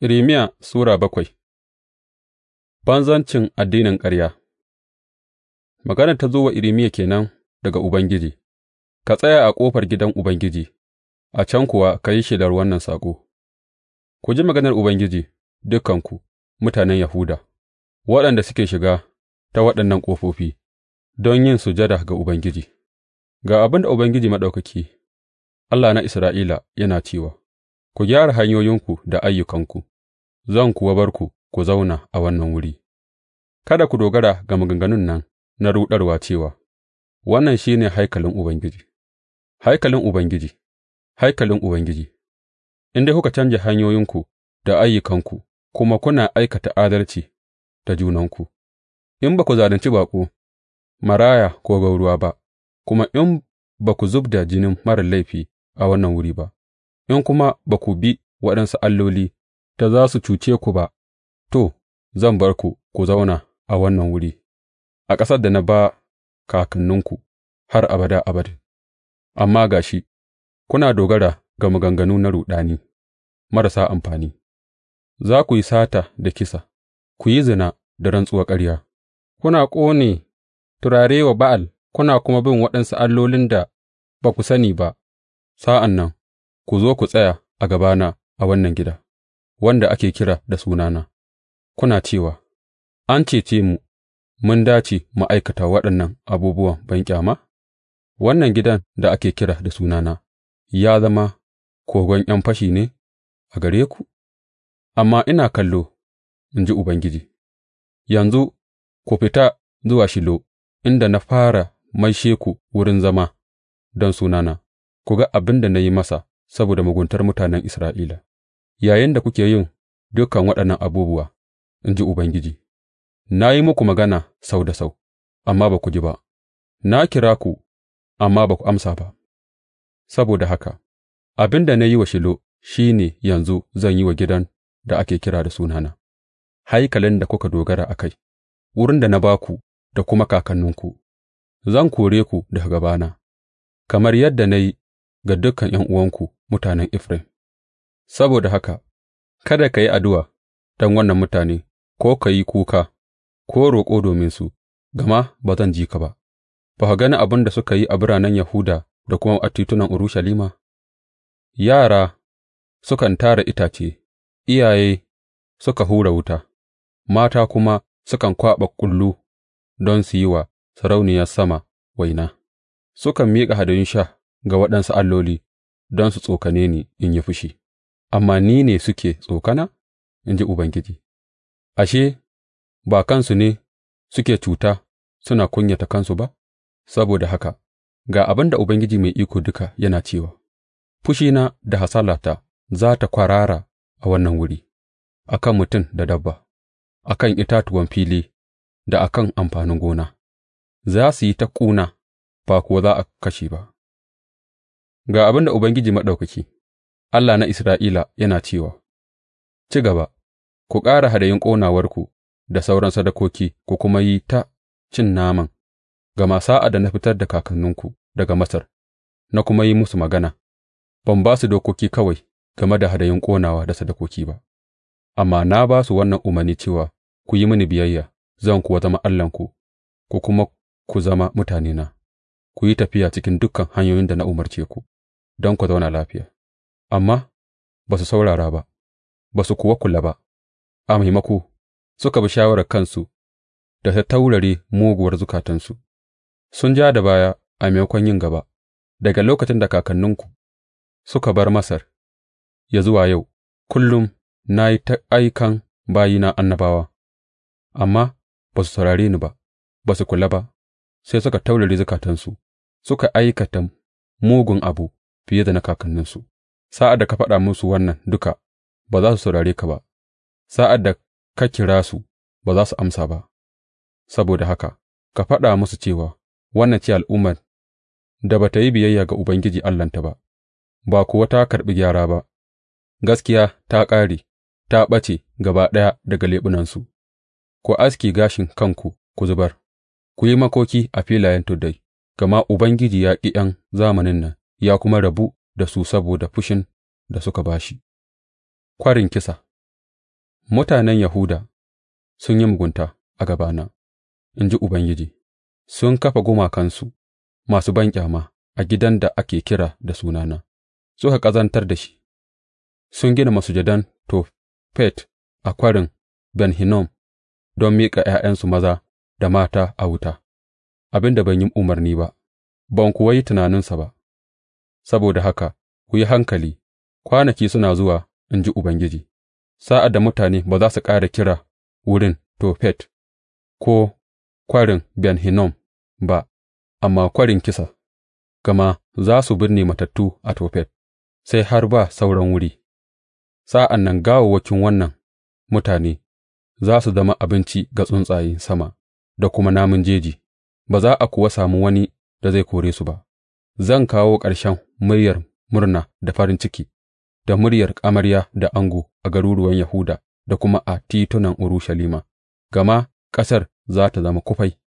Irmiya Sura bakwai Banzancin addinin ƙarya Maganar ta zo wa Irmiya ke nan daga Ubangiji, Ka tsaya a ƙofar gidan Ubangiji, a can kuwa ka yi shelar wannan saƙo, Ku ji maganar Ubangiji, dukanku mutanen Yahuda, waɗanda suke shiga ta waɗannan ƙofofi don yin sujada ga Ubangiji, ga abin da Ubangiji Maɗaukaki, Allah na Isra'ila, yana cewa. Ku gyara hanyoyinku da ayyukanku, zan kuwa bar ku ku zauna a wannan wuri; kada ku dogara ga maganganun nan na ruɗarwa cewa, Wannan shi ne haikalin Ubangiji, haikalin Ubangiji, haikalin Ubangiji, in dai kuka canja hanyoyinku da ayyukanku kuma kuna aikata adalci da junanku, in ba ku zalunci baƙo, maraya ko gauruwa ba, kuma in ba ku zub da jinin marar laifi a wannan wuri ba. in kuma ba ku bi waɗansu alloli da za su cuce ku ba, to, zan bar ku ku zauna a wannan wuri, a ƙasar da na ba kakanninku har abada abadin, amma ga shi, kuna dogara ga maganganu na ruɗani marasa amfani, za ku yi sata da kisa, ku yi zina da rantsuwar ƙarya, kuna ƙone turare wa Ba'al, kuna kuma bin waɗansu allolin da ba ku sani ba, sa'an nan Ku zo ku tsaya a gabana a wannan gida, wanda ake kira da sunana, kuna cewa, An cece mu, mun dace ma'aikata waɗannan abubuwan banƙyama? Wannan gidan da ake kira da sunana ya zama kogon ’yan fashi ne a gare ku? Amma ina kallo, in ji Ubangiji, yanzu ku fita zuwa Shilo, inda na fara maishe ku wurin zama don Sunana, ku ga abin da na yi masa. saboda muguntar mutanen Isra'ila, yayinda kuke yin dukan waɗannan abubuwa, in ji Ubangiji, na yi muku magana sau da sau, amma ba ku ji ba, na kira ku, amma ba ku amsa ba. Saboda haka, abin da na yi wa Shilo shi ne yanzu zan yi wa gidan da ake kira da sunana, haikalin da kuka dogara a kai, wurin da na ba ku da kuma kakanninku, zan kore ku daga gabana, kamar yadda na yi ga dukan ’yan'uwanku mutanen Efraim, saboda haka kada ka yi addu'a don wannan mutane ko ka yi kuka ko roƙo dominsu, gama ba zan ji ka ba, ba ka gani abin da suka yi a biranen Yahuda da kuma a titunan Urushalima? Yara sukan tara itace, iyaye suka hura wuta, mata kuma sukan kwaɓa ƙullu don su yi wa sarauniya sama waina, sukan miƙa hadayun sha ga waɗansu alloli don su tsokane ni in yi fushi, amma ni ne suke tsokana, in ji Ubangiji, ashe, ba kansu ne suke cuta suna kunyata kansu ba, saboda haka, ga abin da Ubangiji Mai Iko Duka yana cewa, Fushina da hasalata za ta kwarara a wannan wuri, a kan mutum da dabba, a kan itatuwan fili da a kan amfanin gona, za su yi ta ƙuna, ba kuwa za a kashe ba. Ga abin da Ubangiji Maɗaukaki, Allah na Isra'ila, yana cewa, Ci gaba, ku ƙara hadayin ƙonawarku da sauran sadakoki ku kuma yi ta cin naman, gama sa'ad da na fitar da kakanninku daga Masar, na kuma yi musu magana, ban ba su dokoki kawai game da hadayin ƙonawa da sadakoki ba, amma na ba su wannan umarni cewa ku yi mini biyayya, zan kuwa zama Allahnku, ku kuma ku zama mutanena, ku yi tafiya cikin dukan hanyoyin da na umarce ku. don ku zauna lafiya, amma ba su saurara ba, ba su kuwa kula ba, a maimako suka bi shawarar kansu da ta taurare muguwar zukatansu, sun ja da baya a maimakon yin gaba, daga lokacin da kakanninku suka bar Masar ya zuwa yau, kullum na yi ta aikan bayina annabawa, amma ba su saurare ni ba, ba su kula ba, sai suka taurare zukatansu, suka aikata mugun abu fiye da na kakanninsu, sa'ad da ka faɗa musu wannan duka, ba za su saurare ka ba, sa'ad da ka kira su, ba za su amsa ba, saboda haka ka faɗa musu cewa wannan ce al'ummar da ba ta yi biyayya ga Ubangiji Allahnta ba, ba kuwa ta karɓi gyara ba, gaskiya ta ƙare, ta ɓace gaba ɗaya daga leɓunansu, ku aski gashin kanku ku zubar, ku yi makoki a filayen tuddai, gama Ubangiji ya ƙi ’yan zamanin nan ya kuma rabu da su saboda fushin da suka ba shi, kwarin kisa Mutanen Yahuda sun yi mugunta a gabana, in ji Ubangiji, sun kafa gumakansu masu banƙyama a gidan da ake kira da sunana, suka ƙazantar da shi, sun gina masujadan Tofet a kwarin Ben Hinnom don miƙa ’ya'yansu maza da mata a wuta, abin da ban yi umarni ba, ban kuwa yi tunaninsa ba. Saboda haka ku yi hankali, kwanaki suna zuwa, in ji Ubangiji, sa'ad da mutane ba za su ƙara kira wurin Tofet ko Kwarin Ben Hinnom ba, amma Kwarin Kisa, gama za su binne matattu a Tofet sai har ba sauran wuri, sa'an nan gawawwakin wannan mutane za su zama abinci ga tsuntsaye sama da kuma namun jeji, ba za a kuwa sami wani da zai kore su ba. zan kawo ƙarshen muryar murna da farin ciki, da muryar ƙamarya da ango a garuruwan Yahuda da kuma a titunan Urushalima, gama ƙasar za tă zama kufai.